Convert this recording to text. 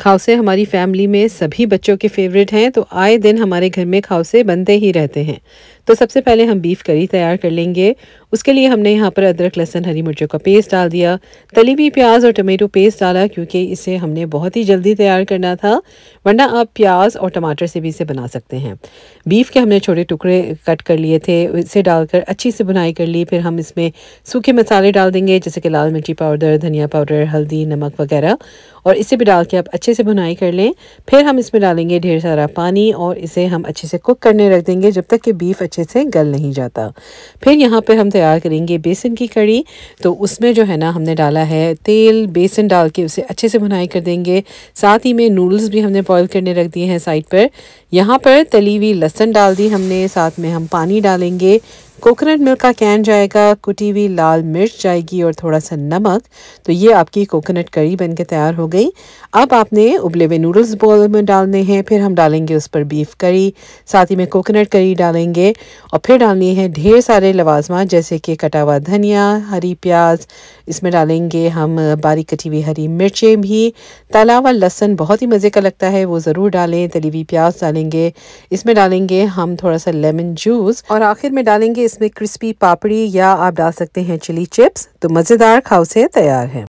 खावसे हमारी फैमिली में सभी बच्चों के फेवरेट हैं तो आए दिन हमारे घर में खावसे बनते ही रहते हैं तो सबसे पहले हम बीफ करी तैयार कर लेंगे उसके लिए हमने यहाँ पर अदरक लहसन हरी मिर्चों का पेस्ट डाल दिया तली हुई प्याज और टमाटो पेस्ट डाला क्योंकि इसे हमने बहुत ही जल्दी तैयार करना था वरना आप प्याज और टमाटर से भी इसे बना सकते हैं बीफ के हमने छोटे टुकड़े कट कर लिए थे इसे डालकर अच्छी से बुनाई कर ली फिर हम इसमें सूखे मसाले डाल देंगे जैसे कि लाल मिर्ची पाउडर धनिया पाउडर हल्दी नमक वगैरह और इसे भी डाल के आप अच्छे से बुनाई कर लें फिर हम इसमें डालेंगे ढेर सारा पानी और इसे हम अच्छे से कुक करने रख देंगे जब तक कि बीफ अच्छे से गल नहीं जाता फिर यहाँ पर हम तैयार करेंगे बेसन की कड़ी तो उसमें जो है ना हमने डाला है तेल बेसन डाल के उसे अच्छे से भुनाई कर देंगे साथ ही में नूडल्स भी हमने बॉयल करने रख दिए हैं साइड पर यहाँ पर तली हुई लहसन डाल दी हमने साथ में हम पानी डालेंगे कोकोनट मिल्क का कैन जाएगा कुटी हुई लाल मिर्च जाएगी और थोड़ा सा नमक तो ये आपकी कोकोनट करी बन के तैयार हो गई अब आपने उबले हुए नूडल्स बॉल में डालने हैं फिर हम डालेंगे उस पर बीफ करी साथ ही में कोकोनट करी डालेंगे और फिर डालनी है ढेर सारे लवाजमा जैसे कि कटा हुआ धनिया हरी प्याज इसमें डालेंगे हम बारीक कटी हुई हरी मिर्चें भी तला हुआ लहसन बहुत ही मज़े का लगता है वो ज़रूर डालें तली हुई प्याज डालेंगे इसमें डालेंगे हम थोड़ा सा लेमन जूस और आखिर में डालेंगे इसमें क्रिस्पी पापड़ी या आप डाल सकते हैं चिली चिप्स तो मज़ेदार खाउसे तैयार है